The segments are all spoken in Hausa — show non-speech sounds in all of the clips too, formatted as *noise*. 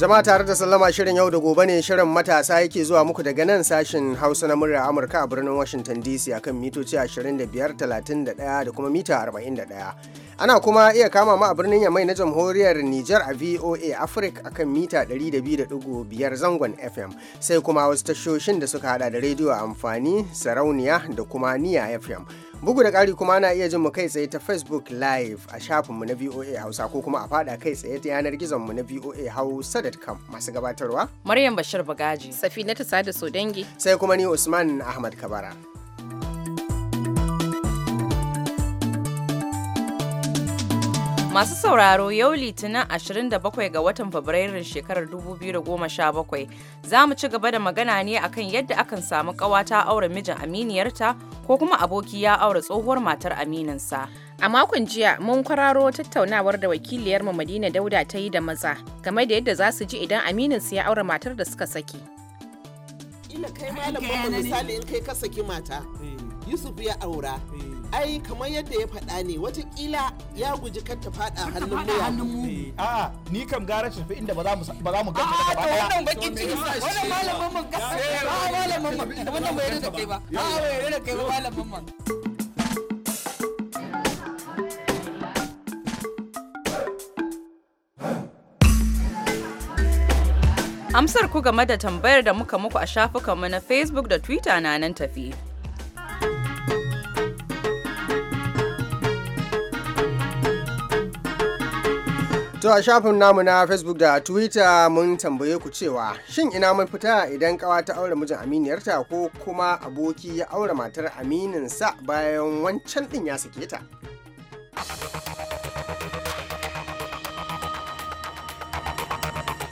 zama tare da sallama shirin yau da gobe ne shirin matasa yake zuwa muku daga nan sashin Hausa na murya Amurka a birnin Washington DC akan mitoci 25, 31 da kuma mita 41. Ana kuma iya kama ma a birnin Yamai na jamhuriyar Nijar a VOA Africa akan mita 200.5 zangon FM sai kuma wasu tashoshin da suka hada da rediyo amfani, sarauniya da kuma niya FM. Bugu da ƙari kuma ana iya jin mu kai tsaye ta Facebook Live a shafinmu na VOA Hausa ko kuma a fada kai tsaye ta yanar mu na VOA Hausa.com masu gabatarwa. Maryam Bashir Bagaji. Safina ta sada Sai kuma ni Usman Ahmad Kabara. Masu sauraro yau Litinin 27 ga watan Fabrairun shekarar 2017 za mu ci gaba da magana ne akan yadda akan samu ƙawata aure mijin aminiyarta ko kuma aboki ya aure tsohuwar matar amininsa. A makon jiya mun kwararo tattaunawar da wakiliyarmu Madina Dauda ta yi da maza game da yadda za su ji idan amininsu ya aure matar da suka saki. Ina kai malamin misali in kai ka saki mata, eh. Yusuf ya aura. Eh. ai kamar yadda ya faɗa ne watakila ya guji kar ta faɗa hannun mu eh, a'a ni kam gara shi fi inda ba za mu ba za mu ganta ba a'a to wannan bakin ciki wannan malamin mun gaskiya ba malamin mun wannan bai rida kai ba a'a bai rida kai ba malamin mun Amsar ku game da tambayar da muka muku a shafukanmu na Facebook da Twitter na nan tafi. a shafin namu na Facebook da Twitter mun tambaye ku cewa shin ina mun fita idan kawa ta aure mijin aminiyarta ko kuma aboki ya aure matar amininsa bayan wancan din ya sake ta.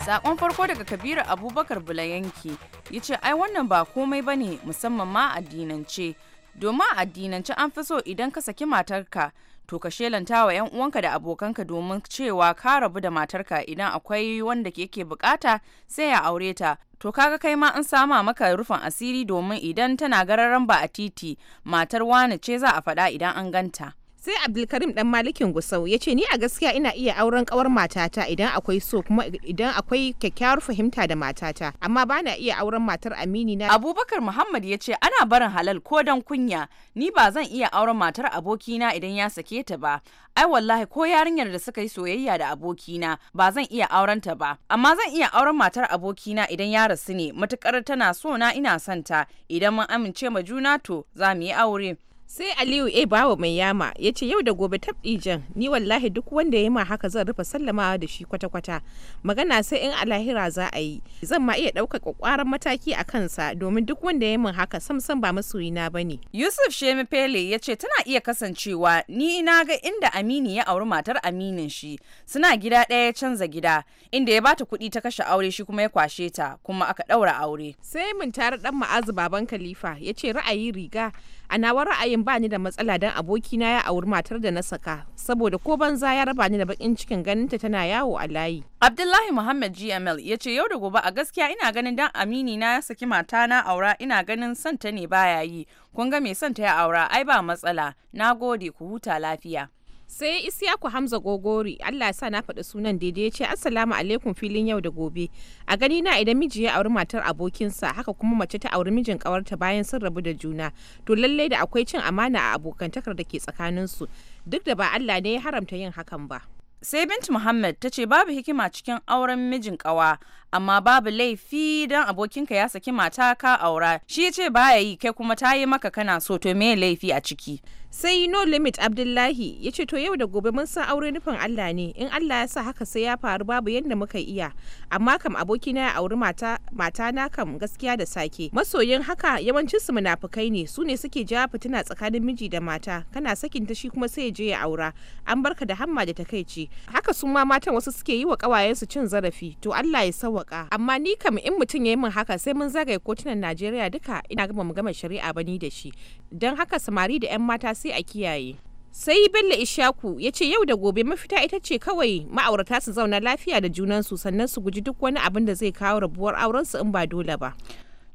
Sakon farko daga Kabiru Abubakar Bulayanki ya ce ai wannan ba komai ba ne musamman ma addinance domin addinance an fi so idan ka saki matarka to ka shelanta wa 'yan uwanka da abokanka domin cewa ka rabu da matarka idan akwai wanda yake bukata sai ya aure ta to kaga kai ma an sama maka rufin asiri domin idan tana gararan ba a titi matar wani ce za a faɗa idan an ganta sai abdulkarim dan malikin gusau ya ce ni a gaskiya ina iya auren kawar matata idan akwai so kuma idan akwai kyakkyawar fahimta da matata amma ba na iya auren matar amini na abubakar muhammad ya ce ana barin halal ko dan kunya ni ba zan iya auren matar abokina idan ya sake ta ba ai wallahi ko yarinyar da suka yi soyayya da abokina ba zan iya auren ta ba amma zan iya auren matar abokina idan ya rasu ne matukar tana so na ina santa idan mun amince ma juna to za mu yi aure sai aliyu e bawa mai yama ya ce yau da gobe tabdijan ni wallahi duk wanda ya ma haka zan rufe sallamawa da shi kwata-kwata magana sai in alahira za a yi zan ma iya ɗaukar kwakwaran mataki a kansa domin duk wanda ya min haka samsan ba masoyina ba ne yusuf shemi pele ya ce tana iya kasancewa ni na ga inda amini ya auri matar aminin shi suna gida ɗaya ya canza gida inda ya bata kuɗi ta kashe aure shi kuma ya kwashe ta kuma aka ɗaura aure sai mun tara ɗan ma'azu baban khalifa ya ce ra'ayi riga a nawa ra'ayin matsayin ba ni da matsala don abokina ya auri matar da na saka saboda ko banza ya raba ni da bakin cikin ganinta tana yawo a layi. Abdullahi Muhammad GML ya ce yau da gobe a gaskiya ina ganin dan amini na ya saki mata na aura ina ganin son ta ne baya yi kun ga me son ta ya aura ai ba matsala na gode ku huta lafiya. sai isiyaku hamza gogori allah sa na faɗi sunan daidai ya ce assalamu alaikum filin yau da gobe a gani na idan miji ya auri matar abokinsa haka kuma mace ta auri mijin kawarta bayan sun rabu da juna to lallai da akwai cin amana a abokantakar da ke tsakaninsu duk da ba allah ne ya haramta yin hakan ba sai binta muhammad ta ce babu hikima cikin auren mijin kawa amma babu laifi don abokinka ya saki mata ka aura shi ce baya yi kai kuma ta yi maka kana so to me laifi a ciki sai no limit abdullahi ya ce to yau da gobe mun san aure nufin allah ne in allah ya sa haka sai ya faru babu yadda muka iya amma kam abokina ya auri mata mata na kam gaskiya da sake masoyin haka yawancin su munafukai ne su ne suke jawa fitina tsakanin miji da mata kana sakin ta shi kuma sai ya je ya aura an barka da hamma da takaici haka su ma matan wasu suke yi wa kawayen su cin zarafi to allah ya sawwaka amma ni kam in mutum ya yi min haka sai mun zagaye kotunan najeriya duka ina gama mu gama shari'a bani da shi don haka samari da 'yan mata sai a kiyaye sai bello ishaku ya ce yau da gobe mafita ita ce kawai ma'aurata su zauna lafiya da junansu sannan su guji duk wani abin da zai kawo rabuwar aurensu in ba dole ba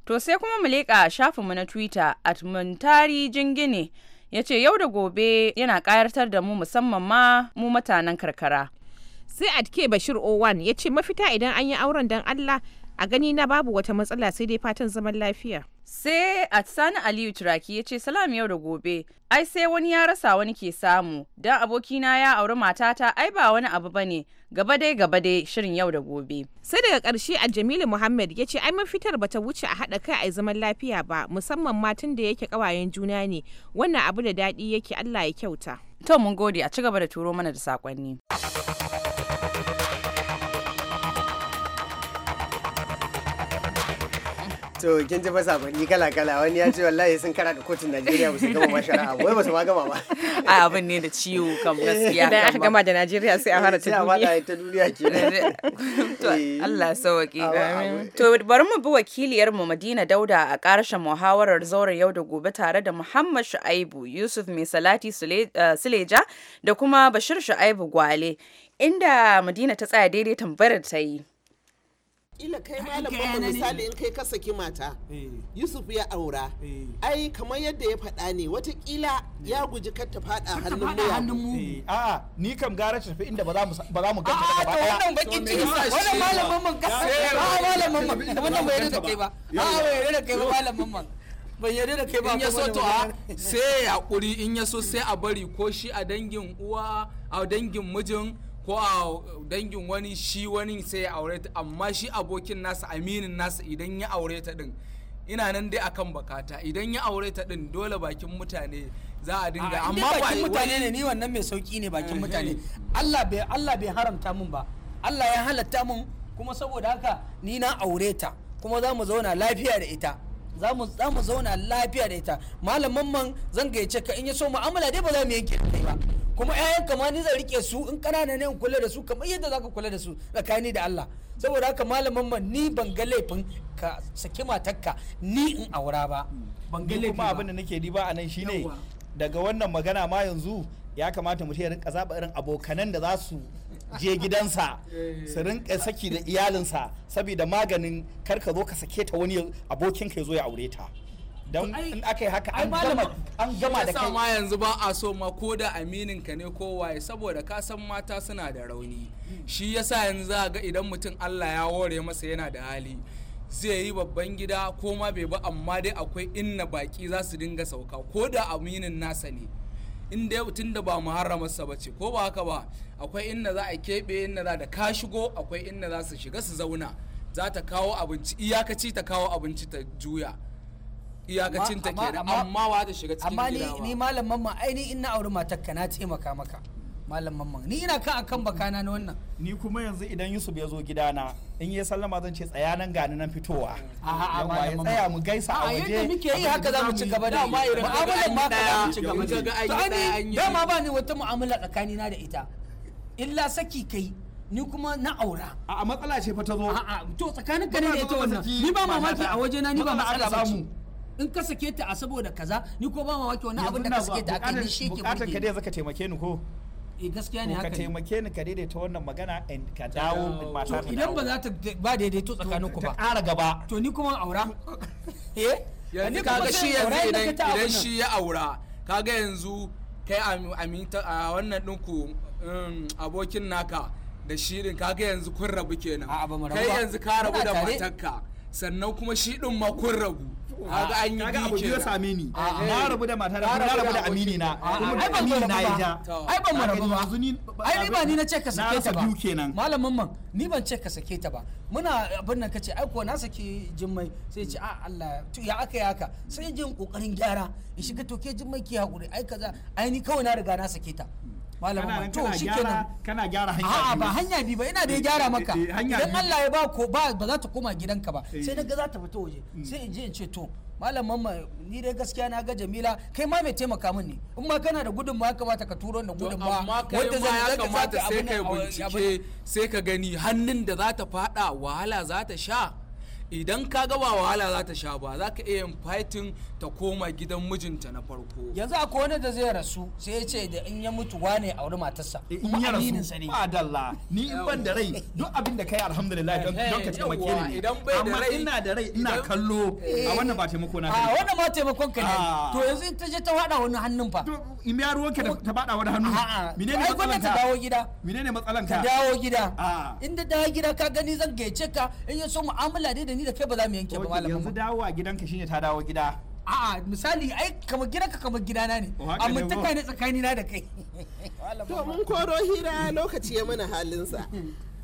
to sai kuma mu leƙa shafinmu na twitter at jingine ya ce yau da gobe yana ƙayartar da mu musamman ma mu mutanen karkara sai atke bashir owan ya ce mafita idan an yi auren don allah a gani na babu wata matsala sai dai fatan zaman lafiya sai sani aliyu turaki ya ce salam yau da gobe ai sai wani ya rasa wani ke samu don abokina ya auri matata ai ba wani abu ba ne gaba dai gaba dai shirin yau da gobe sai daga ƙarshe a jamilu muhammad ya ce ai mafitar bata wuce a haɗa kai a zaman lafiya ba musamman matan da yake ƙawayen juna ne wannan abu da daɗi yake allah ya kyauta to mun gode a ci gaba da turo mana da sakonni. to kin ji masa bani kala kala wani ya ce wallahi sun kara da kotun Najeriya ba su gama ma shari'a wai ba su ma gama ba a abin ne da ciwo kan gaskiya da aka gama da Najeriya sai a fara ta duniya sai a ta duniya ke *laughs* to eh. Allah sauki to bari mu bi wakiliyar mu Madina Dauda a karshen muhawarar zaure yau da gobe tare da Muhammad Shu'aibu Yusuf Mai Salati eh, Suleja da kuma Bashir Shu'aibu Gwale inda Madina ta tsaya daidai tambayar ta yi ila kai malam mu misali in kai ka saki mata eh. yusuf ya aura eh. ai kamar yadda ya faɗa ne watakila eh. ya guji kar ta faɗa hannun mu a ni kam gara ta tafi inda ba za mu ba za mu ganta ba a wannan bakin ciki wannan malamin mun kasa ba malamin ba wannan bai da kai ba a bai da kai ba malamin mu bai yarda da kai ba in ya so to a sai ya hakuri in ya so sai a bari ko shi a dangin uwa a dangin mijin ko a dangin wani shi wani sai ya aure ta amma shi abokin nasa aminin nasa idan ya aure ta din ina nan dai akan bakata idan ya aure ta din dole bakin mutane za a dinga amma bakin mutane ne ni wannan mai sauki ne bakin eh. mutane Allah bai Allah bai haramta mun ba Allah ya halatta mun kuma saboda haka ni na aure ta kuma za mu zauna lafiya da ita za mu zauna lafiya da ita malamin man zan gayyace ka in ya so mu'amala dai ba za mu yanke kai ba kuma ƴaƴan kama ni zan rike su in ƙanana ne in kula da su kamar yadda zaka kula da su tsakani da Allah saboda haka malamin man ni ban ga laifin ka saki matarka ni in aura ba ban ga laifin kuma abin da nake diba a nan ne daga wannan magana ma yanzu ya kamata mutum ya rinka zaba irin abokanan da za su je gidansa eh. su rinka saki da iyalinsa saboda maganin kar ka zo ka sake ta wani abokin ka zo ya aure ta don in aka yi haka an gama da kai ma yanzu ba a so ma ko da aminin ka ne ko waye saboda ka san mata suna da rauni shi yasa yanzu za ga idan mutum Allah ya ware masa yana da hali zai yi babban gida ko ma bai ba amma dai akwai inna baki za su dinga sauka ko da aminin nasa ne in dai tun da ba muharramarsa ba ce ko ba haka ba akwai inda za a keɓe inda za da ka shigo akwai inda za su shiga su zauna za ta kawo abinci iyakaci ta kawo abinci ta juya iyakacin ta kenan amma wa ta shiga cikin gida amma ni malamman ma ainihin ina auri matakka na taimaka maka malam mamman ni ina kan akan bakana na wannan ni kuma yanzu idan yusuf ya zo gidana in ya sallama zan ce tsaya nan gani nan fitowa a ya tsaya mu gaisa a waje yadda muke yi haka za mu ci gaba da mu'amalar ma ka za mu ci gaba da dama ba ni wata mu'amala tsakani na da ita illa saki kai ni kuma na aura a matsala ce fa ta zo a'a to tsakanin ka ne da ita wannan ni ba mamaki a waje na ni ba matsala ba mu in ka sake ta a saboda kaza ni ko ba mamaki wani abin da ka sake ta a kai ni shi ke ka zaka taimake ni ko eh gaskiya ne haka ka taimake ni ka daidaita wannan magana ka dawo mata to idan ba za ta ba daidaito tsakanin ku ba ta ƙara gaba to ni kuma aura *laughs* eh yanzu kaga shi yanzu idan shi ya aura kaga yanzu kai aminta a wannan ɗinku um, abokin naka da shirin kaga yanzu kun rabu kenan kai yanzu ka rabu da matarka sannan kuma shi din ma kun ragu kaga an yi kaga abu ya same ni na rabu da mata na rabu da amini na kuma da amini na ya ja ai ban mu rabu ba ai ni ba ni na ce ka sake ta ba kenan malamin man ni ban ce ka sake ta ba muna abin nan kace ai ko na sake jimmai sai ce a Allah to ya aka ya aka sai jin kokarin gyara in shiga to ke jimmai ki hakuri ai kaza ai ni kawai na riga na sake ta malama to shikenan kana gyara hanya a'a ba hanya bi ba ina da ya gyara eh, maka eh, idan Allah ya ba ko ba ba za ta koma gidanka ba eh, sai na ga za ta fita waje hmm. sai in je in ce to malam mamma ni dai gaskiya na ga Jamila kai ma mai taimaka min ne in ma kana da gudunmawa ya kamata ka turo da gudunmawa wanda zai ya kamata sai kai bincike sai ka gani hannun da za ta fada wahala za ta sha idan ka ga ba wahala za ta sha ba za ka iya fighting ta koma gidan mijinta na farko yanzu akwai wani da zai rasu sai ya ce da in ya mutu wane a wuri matarsa eh, in ya rasu ba dalla ni in ban da rai duk abin da kai alhamdulillah don ka taimake ni idan bai da rai ina da rai ina kallo a eh. wannan ba taimako na a wannan ma taimakon ka ne ah. to yanzu in ta je ta wada wani hannun fa in ya ruwanka da ta bada wani hannu menene matsalan ka dawo gida menene matsalan ka dawo gida ah. Inda da dawo gida ka gani zan gece ka in ya so mu'amala dai da ni ni da kai ba za mu yanke ba malam yanzu a gidanka shine ta dawo gida a'a misali ai kamar gidanka kamar gidana ne oh, amma ta ne tsakani na da kai to mun koro hira lokaci ya mana halinsa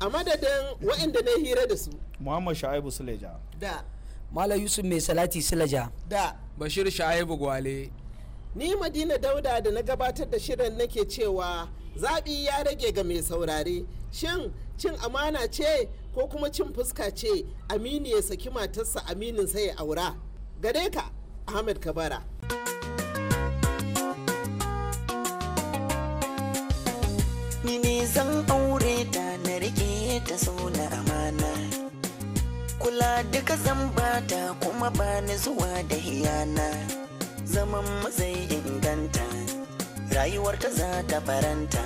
a madadin waɗanda na hira da su muhammad sha'ibu suleja da Mala Yusuf mai salati silaja. Da. Bashir Sha'ibu Gwale. Ni Madina Dauda da na gabatar da shirin nake cewa zaɓi ya rage ga mai saurare. Shin cin amana ce ko kuma cin fuska ce Aminu ya saki matarsa aminin sai ya aura gare ka ahmed kabara ni zan aure ta na rike ta na amana kula duka zan bata kuma ba ni zuwa da hiyana zaman mazai inganta rayuwar ta za ta faranta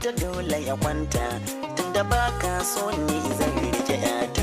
ta dole ya kwanta da baka so ne zan rike 'yata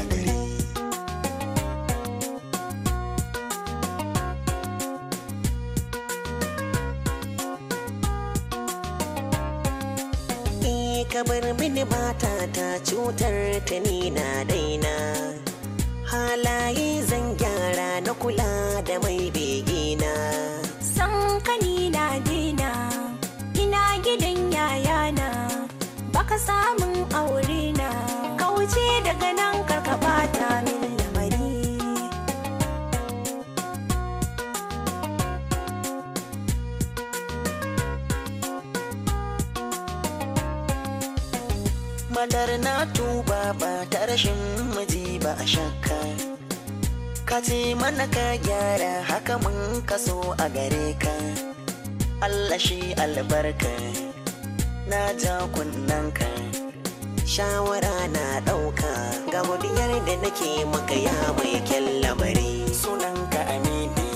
rashin miji ba a shakka ka ce mana ka gyara haka mun kaso a gare ka Allah shi albarka na ja ka shawara na ɗauka ga godiyar da nake maka ya mai kyallabari sunanka amini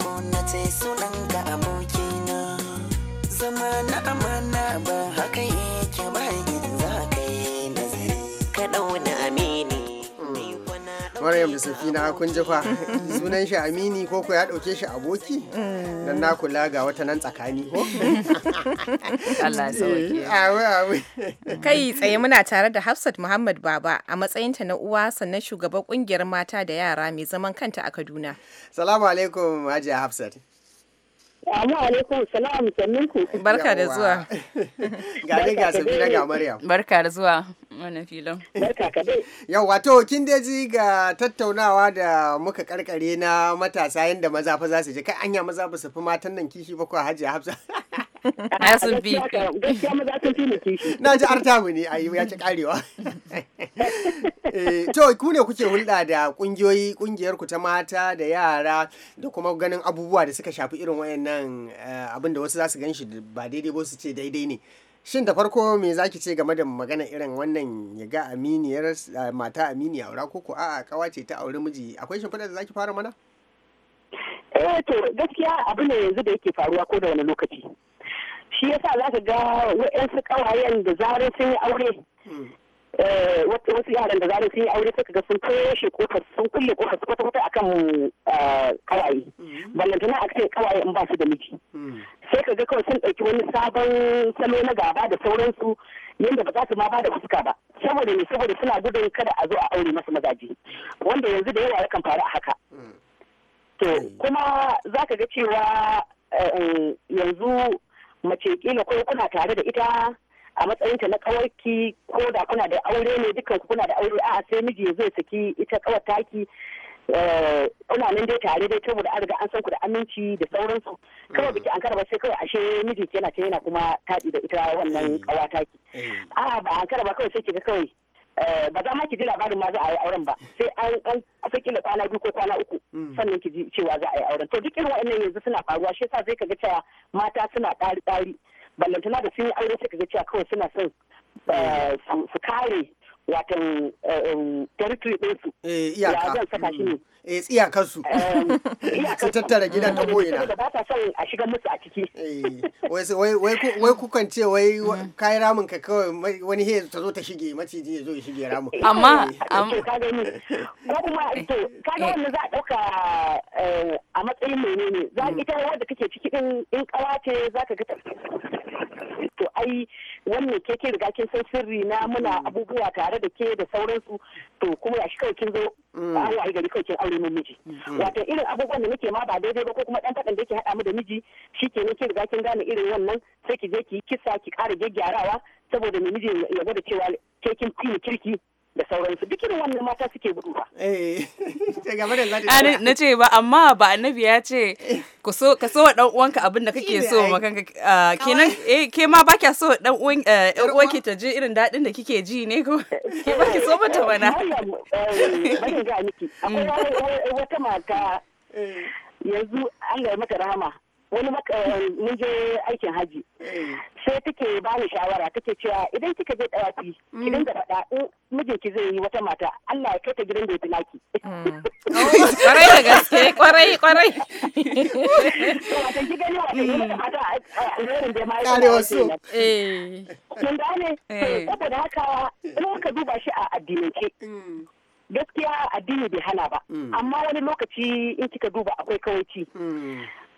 ko na ce sunanka abokina zama na amana ba haka Maryam da Safina kun ji fa sunan shi Amini ko ko ya dauke shi aboki dan na kula ga wata nan tsakani ko Allah sauke awe eh, awe kai tsaye muna tare da Hafsat Muhammad Baba a matsayinta na uwa sannan shugaban kungiyar mata da yara mai zaman kanta a Kaduna Salamu alaikum Hajiya Hafsat Salamu alaikum, salam sanninku. Barka da zuwa. Gani ga Safina ga Maryam. Barka da zuwa. wani filo. Yau wato kin dai ji ga tattaunawa da muka karkare na matasa yadda maza fa za su je kai anya maza ba su fi matan nan kishi ba ko hajiya hafsa. Ya *laughs* sun fi gaskiya maza sun fi mu kishi na ji ne ayi ya ci karewa *laughs* eh, to ku ne kuke hulɗa da ƙungiyoyi ƙungiyar ku ta mata da yara da kuma ganin abubuwa da suka shafi irin wayannan eh, abin da wasu za su gan shi ba daidai ba su ce daidai ne shin da farko me zaki ce game da magana irin wannan ya ga aminiyar eh, mata aminiya aura ko ko a'a kawa ce ta aure miji akwai shimfiɗa da zaki fara mana eh to gaskiya abu ne yanzu da yake faruwa ko da wani lokaci shi yasa za ka ga wa'yansu ƙawayen da zarar sun yi aure hmm. Eh, wasu yaran da zarar sun yi aure suka ga sun toshe kofar sun kulle kofar kwata kwata akan eh, kawaye mm. ballantana a kan kawaye in ba su da miji mm. sai ka ga kawai sun ɗauki wani sabon salo na gaba da sauransu yadda ba za su ma ba da fuska ba saboda ne saboda suna gudun kada a zo a aure masu mazaje wanda yanzu da yawa yakan faru a haka mm. to kuma za ka ga cewa eh, yanzu mace kila ko kuna tare da ita a matsayinta na kawarki ko da kuna da aure ne dukan kuna da aure a sai miji ya zai saki ita kawar taki eh, kuna nan dai tare dai saboda da riga an san ku da aminci da sauransu kawai biki an karba sai kawai ashe miji yana ta yana kuma taɗi da ita wannan mm. kawar taki eh. a ba an karba kawai sai kiga kawai eh, ba za ma ki ji labarin ma za a yi auren ba sai an an saki kwana biyu ko kwana uku mm. sannan ki ji cewa za a yi auren to duk irin wa'annan yanzu suna faruwa shi yasa zai ka ga cewa mata suna ɗari ɗari ballantana da sun yi aure suka ga cewa kawai suna son eh, su kare watan eh, um, territory ɗinsu eh, ya zan saka shi ne mm. eh tsiyakarsu *laughs* su tattara gidan ta boyina da ba ta son a shiga musu a ciki eh, wai kukan ce wai kayi ramin ka kawai wani he ta zo ta shige maciji ya zo ya shige ramin eh, amma eh, amma ka gani ko kuma to ka ga wannan za a dauka a matsayin menene za mm. ita wanda kake ciki din in kawa ce za ka ga to ai wannan ke ke riga kin san sirri na muna mm. abubuwa tare da ke da sauransu to kuma ya shi kawai kin zo mm. a gari kawai kin aure neman miji hmm. wato irin abubuwan da nake ma ba daidai ba ko kuma ɗan kadan da yake hada mu da miji shi shikenan kin riga zakin gane irin wannan sai ki je ki yi kisa ki ƙara gyarawa saboda mai miji ya gwada cewa ke kin fi kirki da sauransu duk irin wannan mata suke guduwa. Eh. *laughs* Ah, na ce ba amma ba annabi ya ce ka so wa dan uwanka abin da kake so kanka ah, kenan eh ke ma ba kya so dan uwan eh, uwanki ta ji irin dadin da kike ji ne ko *laughs* ke ba ki so mata bana. Eh, bari ga miki akwai mm. wata mata yanzu Allah ya mata rahama wani mun je aikin haji sai take ba ni shawara take cewa idan kika je dawafi idan da faɗa in mijinki zai yi wata mata Allah ya kai ta gidan da ya tilaki kwarai da gaske kwarai kwarai wata ki gani wata mata alherin da ma yi kare wasu kin gane haka in ka duba shi a addinance gaskiya addini bai hana ba amma wani lokaci in kika duba akwai ci.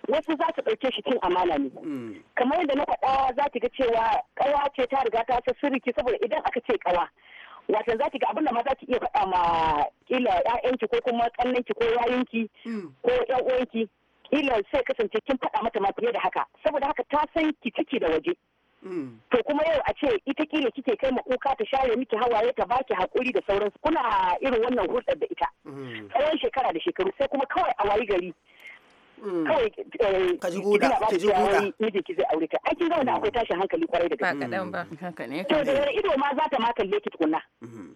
wasu za su ɗauke shi cin amana ne mm. kamar yadda na faɗa za ki ga cewa ƙawa ce ta riga ta ta sirriki saboda idan aka ce ƙawa wasan za ki ga abin da ma za ki iya faɗa ma ƙila ƴaƴanki ko kuma ki, ko yayinki mm. ko ƴan uwanki ƙila sai kasance kin faɗa mata ma fiye da haka saboda haka ta san ki ciki da waje mm. To kuma yau a ce ita ƙila kike kai ma kuka ta share miki hawaye ta baki hakuri da sauransu kuna irin wannan hulɗar da ita. Tsawon shekara da shekaru sai kuma kawai a wayi gari Mm. kawai eh, ka ji guda ka ji guda miji ki zai aure ta ai kin ga wanda akwai tashin hankali kwarai da gaske ba kadan mm. ba haka ne to da ido ma za ta ma kalle ki tukunna mm-hmm.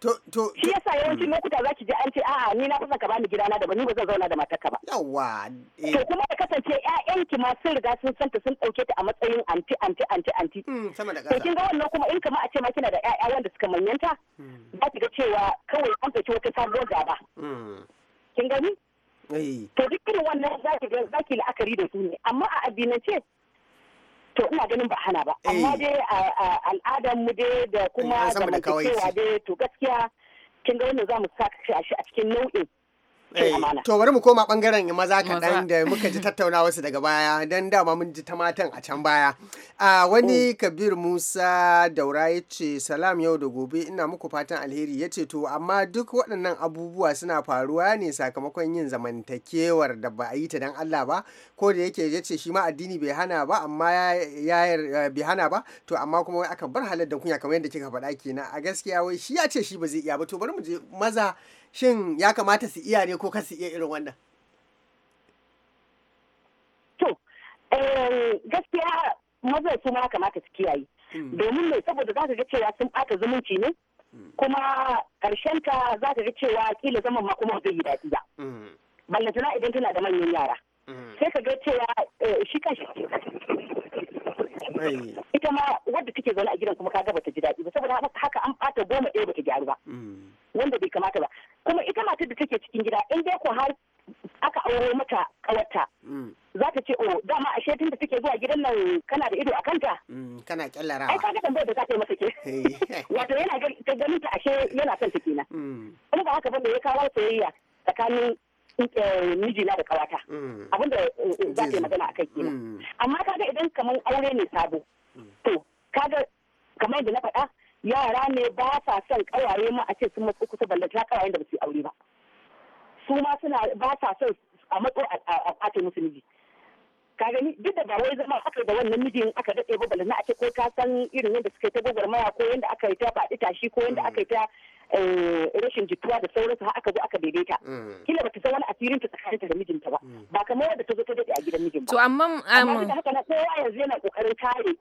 To, to, shi yasa yawancin mm. lokuta za ki ji an ce a'a ni na kusa ka bani gidana da ba ni ba zan zauna da matarka ba. Yawwa. Eh. To kuma da kasance ƴaƴanki ma sun riga sun santa sun ɗauke ta a matsayin anti anti anti anti. Sama da To kin ga wannan kuma in kama a ce ma kina da ƴaƴa wanda suka manyanta za ki ga cewa kawai an ɗauki wata sabuwar gaba. Kin gani? Eh. to duk irin wannan zaki ga zaki la'akari da su ne amma a addinance to ina ganin ba hana ba eh. amma dai a al'adar mu dai da kuma eh, da cewa dai to gaskiya kin ga wannan zamu saka shi a cikin nau'in Eh, to bari mu koma bangaren maza kaɗan da muka ji tattaunawar su daga baya don dama mun ji ta matan a can baya. Wani mm. Kabir Musa Daura ya ce salam yau da gobe ina muku fatan alheri ya ce to amma duk waɗannan abubuwa suna faruwa ne sakamakon yin zamantakewar da ba a yi ta don Allah ba ko da yake ya ce shi ma addini bai hana ba amma ya eh, bai hana ba to amma kuma wai aka bar halar da kunya kamar yadda kika faɗa kenan a gaskiya wai shi ya ce shi ba zai iya ba to bari mu je maza shin ya kamata su iya ne ko ka su iya irin wannan to eh, gaskiya maza su ma kamata su kiyaye hmm. domin mai saboda za ka ga cewa sun ɓata zumunci ne hmm. kuma ƙarshen ka za ka ga cewa ƙila zaman ma kuma zai yi daɗi ba hmm. ballantana idan tana da manyan yara sai ka ga cewa eh, shi kan ita ma wadda take zaune a gidan kuma kaga bata ji daɗi ba saboda haka an ɓata goma ɗaya bata gyaru ba mm. wanda bai kamata ba kuma ita matar da take cikin gida in dai ko har aka aure mata kawarta mm. za ta ce oh dama ashe tun da take zuwa gidan nan kana da ido a kanta mm, kana kyallara ai kaga tambayar da za ta yi mata ke eh. *laughs* wato yana ganin ta ashe yana son ta kenan kuma ba haka bane ya kawo soyayya tsakanin mijina da kawata mm. abinda eh, eh, za ta yi magana a kai kenan mm. amma kaga idan kamar aure ne sabo mm. to kaga kamar da na faɗa yara ne ba sa son kawaye ma a ce sun matsu kusa ballanta ta kawayen da ba su aure ba su ma suna ba sa son a matsu a ɓata musu miji ka gani duk da ba wai zama aka da wannan mijin aka dade ba balana a ce ko ka san irin yadda suka yi ta maya ko yadda aka yi ta faɗi tashi ko yadda aka yi ta eh, rashin jituwa da sauransu har aka zo aka daidaita mm. kila bata san wani asirin ta tsakaninta da mijinta ba mm. ba kamar wadda ta zo ta daɗe a gidan mijin ba to amma um, amma da haka na kowa yanzu yana kokarin kare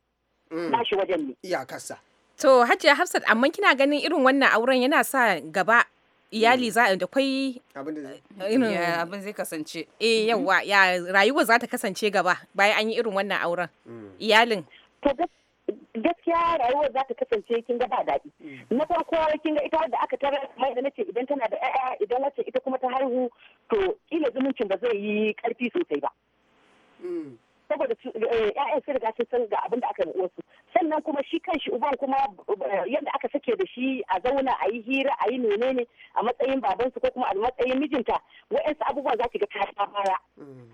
mm. nashi wajen ne iyakarsa to hajiya hafsat amma kina ganin irin wannan auren yana sa gaba iyali mm. za a da kwai eh, abin zai kasance eh mm-hmm. yawa ya rayuwa za ta kasance gaba bayan an yi irin wannan auren mm. iyalin gaskiya rayuwar za ta kasance kin ga ba daɗi mm. na farko kin ga ita wadda aka tara mai da nace idan tana da ƴaƴa idan wacce ita kuma ta haihu to kila zumuncin ba zai yi ƙarfi sosai ba saboda eh, ƴaƴan su riga sun san ga abin da aka yi wasu sannan kuma shi kan shi uban kuma eh, yadda aka sake da shi a zauna a yi hira a yi menene a matsayin babansu ko kuma a matsayin mijinta wa'yansu abubuwa za ki ga ta baya mm.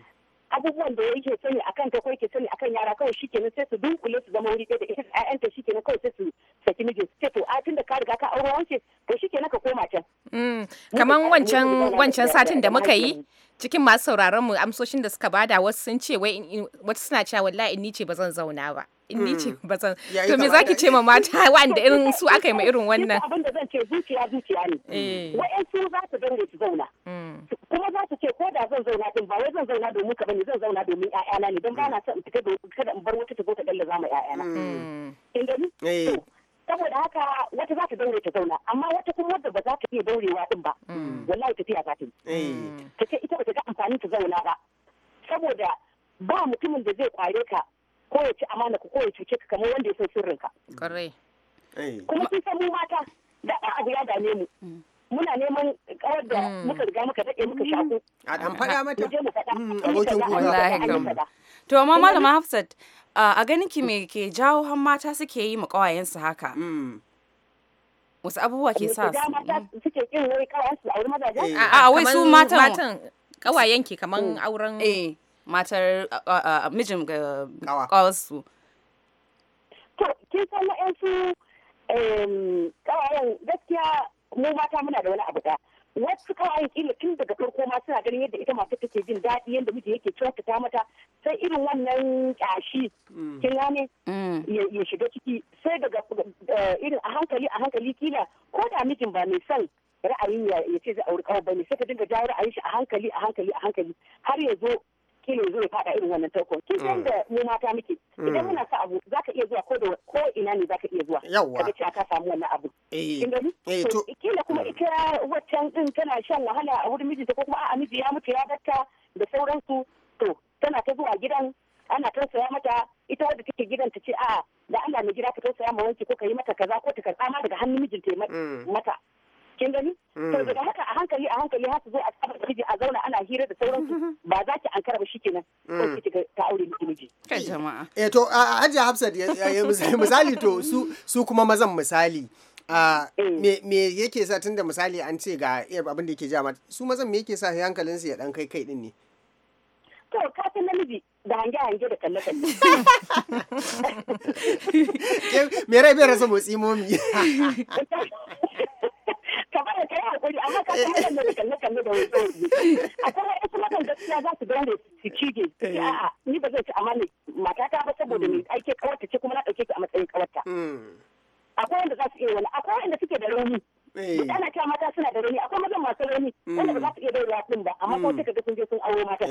abubuwan da yake sani akan ta kai ke sani akan yara kawai shikenan sai su dunkule su zama wuri da ita ƴaƴan ta shikenan kawai sai su saki miji su ce to a tunda ka riga ka aure wance to shikenan ka koma can mm. kaman wancan wancan satin da muka yi cikin masu sauraron mu amsoshin da suka bada wasu sun ce wai wasu suna cewa wallahi ni ce ba zan zauna ba ni ce mm. ba san to me zaki ce ma mata *laughs* wanda irin su aka yi ma irin wannan abin da zan ce zuciya zuciya ne eh. su za su danne su zauna mm. kuma za su ce ko da zan zauna din ba wai zan zauna domin ka bane zan zauna domin ƴaƴana ne don ba na son in fita domin kada in bar wata ta zo ta dalla ma ƴaƴana mm. in gani eh. saboda haka wata za ta daure ta zauna amma wata kuma wadda ba za ta iya daurewa din ba wallahi tafiya za ta yi eh. ta ce ita ba ta ga amfani ta zauna ba saboda ba mutumin da zai kware ka kowace ya ci amana ka kowace ya cuce ka kamar wanda ya san sirrin ka eh. kuma sun san mu mata da abu ya dame mu mm. muna neman kawar da mm. muka riga muka daɗe muka mm. shaku a mu faɗa mata abokin kuka wallahi kam to amma malama Hafsat a ganin ki me ke jawo har mata suke yi ma su haka wasu abubuwa ke sa su suke kin wai kawayensu a wurin mazajen eh. a wai su matan kawayen ki kaman auren eh. matar uh, uh, uh, mijin kawarsu to kin wa'yansu kawayen gaskiya mu mata muna da wani abu da wasu kawayen kila tun daga farko ma suna ganin yadda ita masu take jin daɗi yadda miji yake ta mata sai irin wannan ƙyashi mm. kin gane mm. ya shiga ciki sai daga eh, irin a hankali a hankali kila ko da mijin ba mai son ra'ayin ya ce zai auri kawai bane sai ka dinga jawo ra'ayin shi a hankali a hankali a hankali har ya zo kila zai fada irin wannan tarkon kin san da mu mata muke mm. idan muna sa abu zaka iya zuwa ko da ko ina ne zaka iya zuwa kaga cewa ka samu wannan abu eh. kin gani eh, kila kuma mm. ita waccan din tana shan wahala a wurin mijinta ko kuma a'a miji ya mutu ya datta da sauransu to tana ta zuwa gidan ana tausaya mata ita wadda take gidan ta ce a da Allah mai gida ka tausaya ma wanki ko ka yi mata kaza ko ta karba ma daga hannun mijinta mm. mata kin gani to mm. daga haka a hankali a hankali haka zai a saba da miji a zauna ana hira da sauransu mm-hmm. ba za ki ankara ba shikenan ko mm. ta aure miki miji kai jama'a eh to aje Hafsat *laughs* misali to su su kuma mazan misali mm. me, yake sa tunda misali an ce ga eh, abin da yake jama su mazan me yake sa hankalin su ya dan kai kai din ne to ka san namiji da hange hange da kalle *laughs* kalle me rai bai rasa motsi momi *laughs* kawai kai hakuri amma ka san wannan da kalle kalle da wani akwai wasu matan gaskiya za su daure su cije eh. a'a ni ba zai ci amana matata ba saboda ni aike kawarta ce kuma na dauke ta a matsayin kawarta hmm. akwai wanda za su iya wani akwai wanda suke da rauni eh. duk ana cewa mata suna da rauni akwai mazan masu rauni hmm. wanda ba za su iya daurewa din ba amma ko hmm. suka ga sun je sun aure mata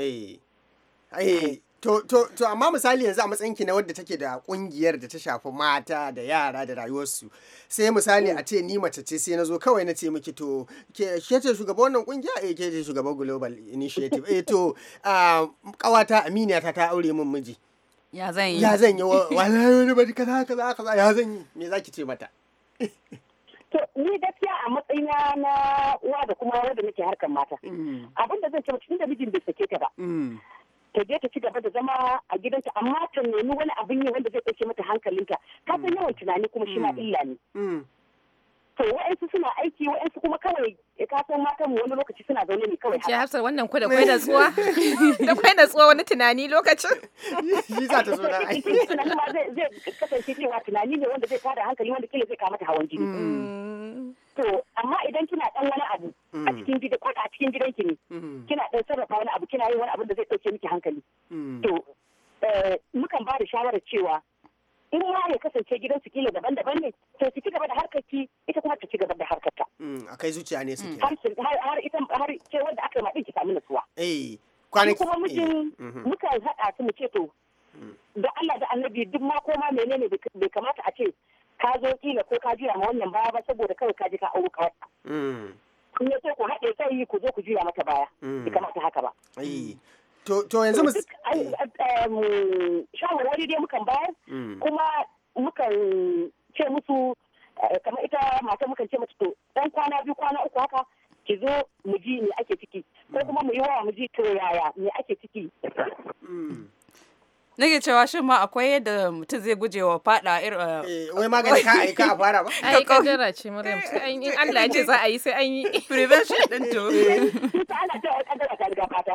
eh. To, to, to amma misali yanzu a matsayinki na wadda take da kungiyar da ta shafi mata da yara da rayuwarsu sai misali mm. a ce ni mace ce sai na zo kawai na ce miki to ke ce shugaban wannan kungiya eh ke ce shugaban global initiative eh to kawata *laughs* ah, aminiya ta ta aure min miji ya zan yi ya zan yi wallahi wani bari kaza kaza kaza ya zan yi me zaki ce mata *laughs* to ni gaskiya a matsayina na uwa da kuma wadda nake harkar mata mm. Abinda zan ce tun da mijin bai sake ta ba mm. ta je ta ci gaba da zama a gidanta amma ta nemi wani abin yi wanda zai ɗauke mata hankalinta ka san mm. yawan tunani kuma shi ma mm. illa ne mm. to wa'ansu suna aiki wa'ansu kuma kawai ya san matan mu wani lokaci suna zaune ne kawai. Ki hafsar wannan ku da kwai da tsuwa. *laughs* Da kwai da tsuwa wani tunani lokacin. Shi za ta zo aiki. Tunani ma zai kasance cewa tunani ne wanda zai tada hankali wanda kila zai kama ta hawan jini. Mm. To amma idan kina dan wani abu a mm. cikin gida ko a cikin gidanki ne. Mm. Kina dan sarrafa wani abu kina yin wani abu da zai dauke miki hankali. To eh, mukan ba da shawarar cewa in ya ya kasance gidan su kila daban-daban ne to cigaba ci gaba da harkar ki ita kuma ta ci gaba da harkar ta mm, akai zuciya ne suke mm. har har ita har ce wanda aka ma ki samu nutsuwa eh kwanaki kuma mijin eh, mhm. muka hada su mu ce to mm. da Allah da Annabi duk ma ma menene bai kamata a ce ka zo kila ko ka jira ma wannan baya ba saboda kawai ka ji ka auri wata mm ya yi ku haɗe yi ku zo ku juya mata baya bai kamata haka ba eh, To yanzu mu shawarwari dai mukan bayar kuma mukan ce musu kamar ita mata mukan ce mata to dan kwana biyu kwana uku haka ki zo mu ji me ake ciki ko kuma mu yi wa mu ji to yaya me ake ciki Nake cewa shin ma akwai yadda mutum zai guje wa fada irin wai magani ka aika a fara ba ai kaddara ce Maryam sai an yi Allah ya ce za a yi sai an yi prevention din to sai ana ta kaddara ta ga fata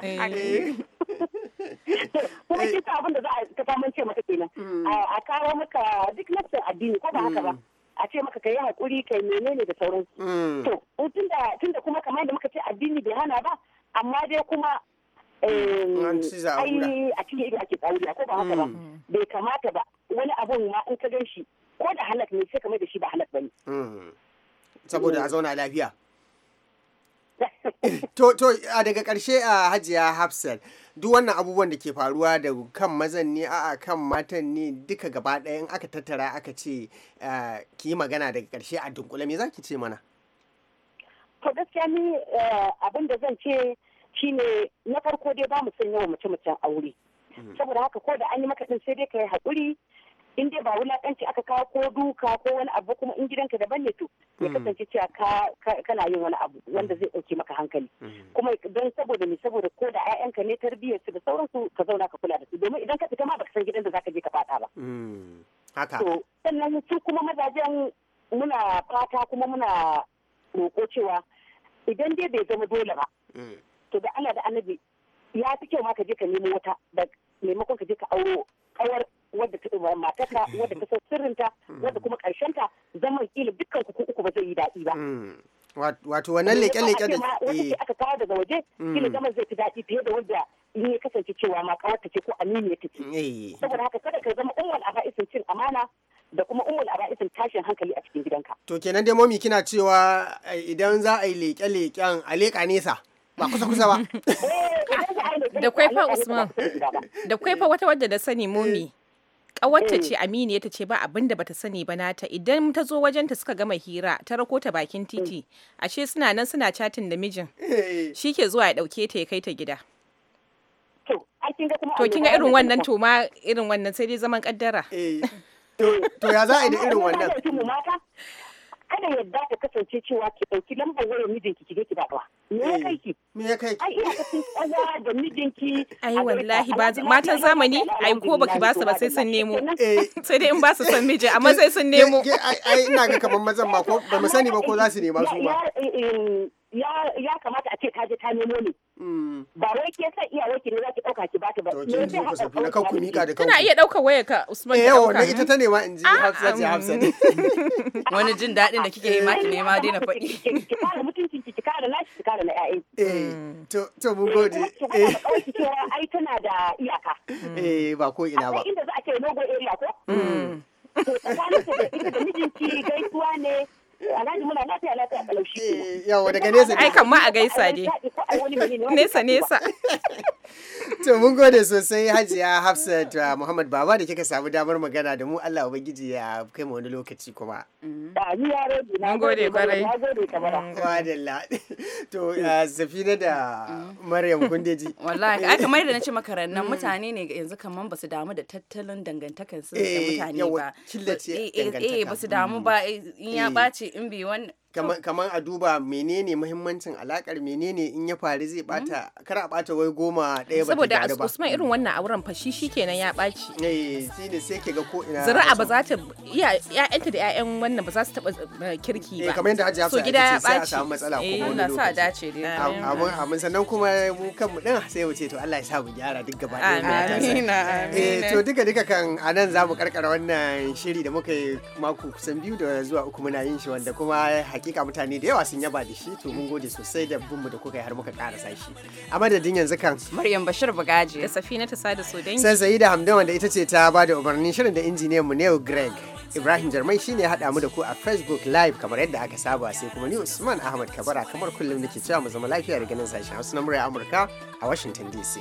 kuma eh. shi ta abin da za a ta faman ce maka kenan mm. a kawo maka duk nafsin addini ko ba haka ba mm. a ce maka kai hakuri kai menene da sauran mm. to tunda tunda kuma kamar da muka ce addini bai hana ba amma dai kuma ai a cikin ido ake tsauriya ko ba haka ba bai kamata ba wani abun ma in ka gan shi ko da halak ne sai kamar da shi ba halak ba ne saboda a zauna lafiya *laughs* to to a daga karshe a hajiya hafsat duk wannan abubuwan da ke faruwa da kan mazan ne a kan matan ne duka gaba ɗaya in aka tattara aka ce ki yi magana daga karshe a dunkule me za ki ce mana to gaskiya ni eh, abin da zan ce shine na farko dai ba mu son yawan mace mutum aure mm. saboda haka ko da an yi maka din sai dai ka yi haƙuri in dai ba wulaƙanci aka kawo ko duka ko wani abu kuma in gidanka daban ne to ya mm. kasance cewa kana yin wani abu wanda zai ɗauke maka hankali mm. kuma don saboda ne saboda ko da 'ya'yanka ne tarbiyyar su da sauransu ka zauna ka kula da su domin idan ka fita ma baka san gidan da zaka je ka faɗa ba mm. haka to sannan su kuma mazajen muna fata kuma muna roƙo cewa idan dai bai zama dole ba to da ana da annabi ya fi kyau ma ka je ka nemo wata da maimakon ka je ka auro kawar wadda ta matarka *laughs* wadda ta san sirrinta hmm. wadda kuma ta zaman kila dukkan ku uku ba zai yi daɗi ba hmm. wato wannan leƙe-leƙe da wanda eh. aka kawo daga waje hmm. kila zaman zai fi daɗi fiye da wanda in ya kasance cewa ma kawarta ce ko aminiya ta ce eh. saboda haka kada ka zama umar a ba'isin cin amana da kuma umar a ba'isin tashin hankali a cikin gidanka to kenan dai momi kina cewa eh, idan za a yi leƙe-leƙen a leƙa nesa ba kusa *laughs* kusa ba da kwaifa usman da kwaifa wata wadda da sani momi kawarta mm. ce aminiya ta ce ba abin da bata sani ba nata idan ta zo wajen ta suka gama hira ta rako ta bakin mm. titi ashe suna nan suna chatin da mijin eh. shi ke zuwa ya dauke ta ya kai ta gida to ga irin wannan to ma irin wannan sai dai zaman kaddara eh. to ya za a irin wannan kada yadda ta kasance cewa ki ɗauki lambar wayar mijinki ki je ki daɗuwa. Me ya eh, kai ki? Me ya kai ki? Ai ina kafin tsawa da mijinki. Ai wallahi ba matan zamani ai ko baki ba su ba sai sun nemo. Eh. Sai dai in ba su san miji amma sai sun nemo. Ai ina ga kaman mazan ma ko ba mu sani ba ko za su nema su ba. Ya kamata a ce ka je ta nemo ne. ba wai ke sai iya wakili za ki dauka ki ba ta ba haka na kan mika da kanku tana iya dauka waya ka Usman eh yawa eh? ita ta nema in ji Hafsa ce Hafsa ne *laughs* wani jin dadin da kike yi ma ki nema dai na faɗi ki kare mutuncin ki kare ki kare na eh hmm. to to mun eh, gode eh ki ai tana da iyaka hmm. eh, ba ko ina ba inda za a ce no go area ko hmm. to tsakanin da ita da mijinki gaisuwa ne Eh, alhaji muna lafiya lafiya kalau shi eh, yawa daga nesa ai kan ma a gaisa dai *laughs* nesa nesa to mun gode sosai hajiya hafsat uh, muhammad baba da kika samu damar magana da mu allah ubangiji ya kai mu wani lokaci kuma mm-hmm. mun gode kwarai wadalla mm. *laughs* to uh, safina da mm-hmm. maryam kundeji *laughs* wallahi ai kamar da na ce mm. mutane ne yanzu kaman basu damu da tattalin dangantakan su da eh, mutane ba eh, eh, eh ba su damu ba mm. in ya ɓaci in bi wani kamar a duba menene muhimmancin alakar menene in ya faru zai bata mm-hmm. kar a bata wai goma ɗaya ba saboda Usman irin wannan auren fashi kenan ya baci eh, sai ne sai ke ga ko ina zuri'a ba za ta iya ƴaƴanta da ƴaƴan wannan ba za su taba eh, kirki eh, ba kamar yadda Hajji gida ya baci sai a samu matsala ko wani lokaci dace dai sannan kuma mu kanmu din sai mu ce to Allah ya sa mu gyara duk gaba amina amina. eh to duka duka kan anan za mu karkara wannan shiri da muka yi mako kusan biyu da zuwa uku muna yin shi wanda kuma hakika mutane da yawa sun yaba da shi to mun gode sosai da binmu da kuka yi har muka ƙara sashi a madadin yanzu kan maryam bashir bugaji da safina ta sada sodangi sai sai da hamdan wanda ita ce ta ba da umarnin shirin da injiniyan mu neo greg ibrahim jarmai shine ya haɗa mu da ku a facebook live kamar yadda aka saba sai kuma ni usman ahmad kabara kamar kullum nake cewa mu zama lafiya da ganin sashi a sunan murya amurka a washington dc